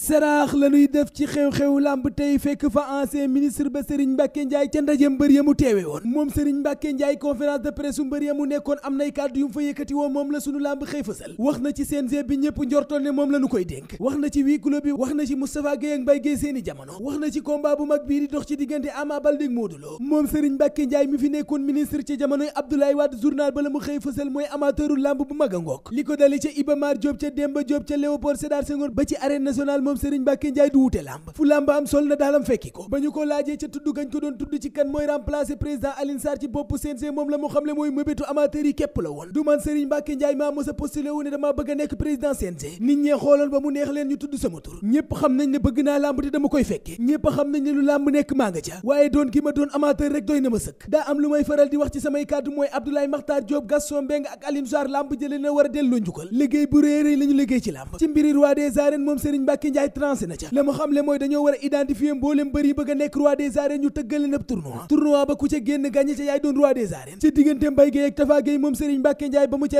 seraax la ñuy def ci xew-xewu làmb tey fekk fa ancien ministre ba Serigne Mbacke Ndiaye ca ndaje mbër teewe woon moom Serigne Mbacke Ndiaye conférence de presse mbër ya nekkoon am na kàddu fa yëkkati woo moom la sunu làmb xëy fësal wax na ci CNG bi ñëpp njortoon ne moom la ñu koy dénk wax na ci huis clos bi wax na ci Moustapha Gueye ak Mbaye seeni jamono wax na ci combat bu mag bii di dox ci diggante Ama Baldé ak Modou Lo moom Serigne fi nekkoon ministre ca jamonoy Abdoulaye Wade journal ba la mu xëy a ngook li ko dale ca Iba Mar moom Serigne Mbacke Ndiaye fu làmb am sol na daalam fekki ko ba ñu ko laajee ca tudd gañ ko doon tudd ci kan mooy remplacer président Alioune ci bopp CNG moom la mu xamle mooy mëbétu amateur yi képp la woon du man Serigne Mbacke Ndiaye maa mos a ne damaa bëgg a nekk président CNG nit ñee xooloon ba mu neex leen ñu tudd sama tur ñépp xam nañ ne bëgg naa làmb te dama koy fekke ñépp xam nañ lu làmb nekk maa ca waaye doon ki ma doon amateur rek doy na ma sëkk daa Ndiaye trancé na ca la mu xam le mooy dañoo war a identifier ba ku ca génn ci diggante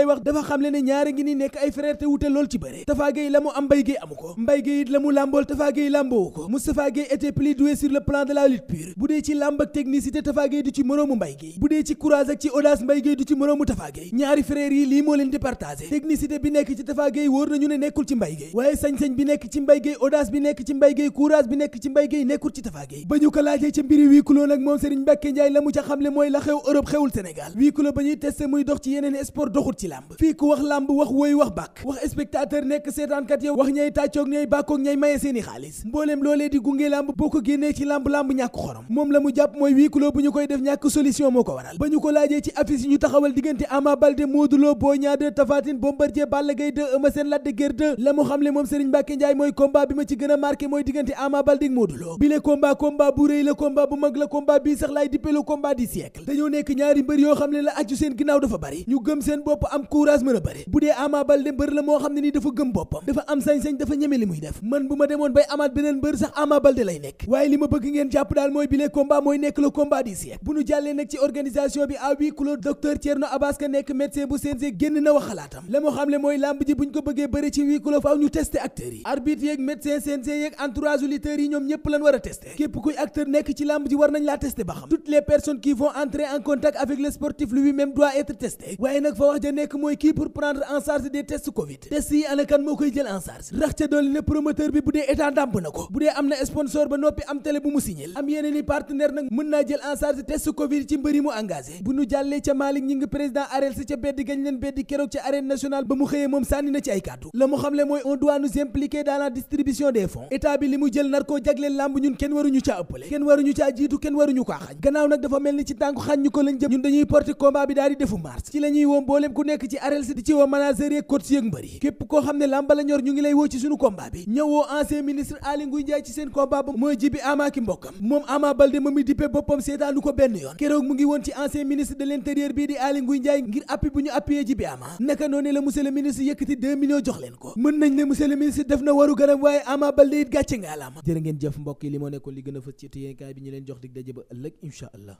wax dafa xam ne ñaari ngi ni nekk ay frère te wute lool ci bëre Tafa la mu am Mbaye Gueye amu ko Mbaye Gueye la mu làmbool Tafa làmboowu ko Moustapha Gueye était plus doué sur le plan de la lutte pure bu dee ci làmb ak technicité Tafa Gueye nañu ne nekkul ci Mbaye Gueye waaye sañ-sañ bi nekk ci Mbaye Mbaye Gueye ko wax làmb wax woy wax bàkk wax spectateur nekk seetaankat yow wax ñay tàccoog ñay bàkkoog ñay maye seeni xaalis mbooleem loolee di gunge làmb boo ko génnee ci làmb làmb ñàkk xorom moom la mu jàpp mooy wii bu ñu koy def ñàkk solution moo ko waral ba ñu ko laajee ci affiche yi ñu taxawal diggante Ama Baldé Modou Lô Boy Niang 2 Tapha Tine Bombardier Balla Gaye 2 Eumeu Sène la mu xamle moom Serigne Mbacké Ndiaye mooy combat bi ma ci gën a mooy diggante Ama Baldé ak Modou Lo bile combat bu rëy la combat bu mag la combat bii sax laay dippe le combat du dañoo nekk ñaari mbër yoo xam ne la aju seen ginnaaw dafa bari ñu gëm seen bopp am courage mën a bëre bu dee Ama Baldé mbër la moo xam ne ni dafa gëm boppam dafa am sañ dafa ñeme li muy def man bu ma demoon bay amaat beneen mbër sax Ama Baldé lay nekk waaye li ma bëgg ngeen jàpp daal mooy bile ko yeeg médecin CNG yeeg entourage lutteurs yi ñoom ñëpp lan war a testé képp kuy acteur nekk ci làmb ji war nañ laa testé ba xam toutes les personnes qui vont entrer en contact avec le sportif lui-même doit être testé waaye nag fa wax ja nekk mooy kii pour prendre en charge des tests Covid test yi ana moo koy jël en charge rax ca doole ne promoteur bi bu dee état ndàmp na ko bu dee am na sponsor ba noppi am télé bu mu signal am yeneen i partenaire nag mën naa distribution des fonds état bi li mu jël nar koo jagleel làmb ñun kenn waruñu caa ëppale kenn waruñu caa jiitu kenn waruñu kaa xañ gannaaw nag dafa mel ni ci tànku xañ ñu ko lañ jëm ñun dañuy porter combat bi daal defu mars ci la ñuy booleem ku nekk ci arel si di ci woo manager yeeg coach yeeg mbër képp koo xam ne làmb ñor ñu ngi lay woo ci suñu combat bi ñëwoo ancien ministre Aly Ngouille Ndiaye ci seen combat ba mooy jibi Ama ki mbokkam moom Ama Baldé ma muy dippe boppam waaye Ama Baldé it gàcce nga alaama jërë ngeen jëf mbokk yi li moo nekkoon li gën a fës ci yéenekaay bi ñu leen jox dig daje ba ëllëg incha allah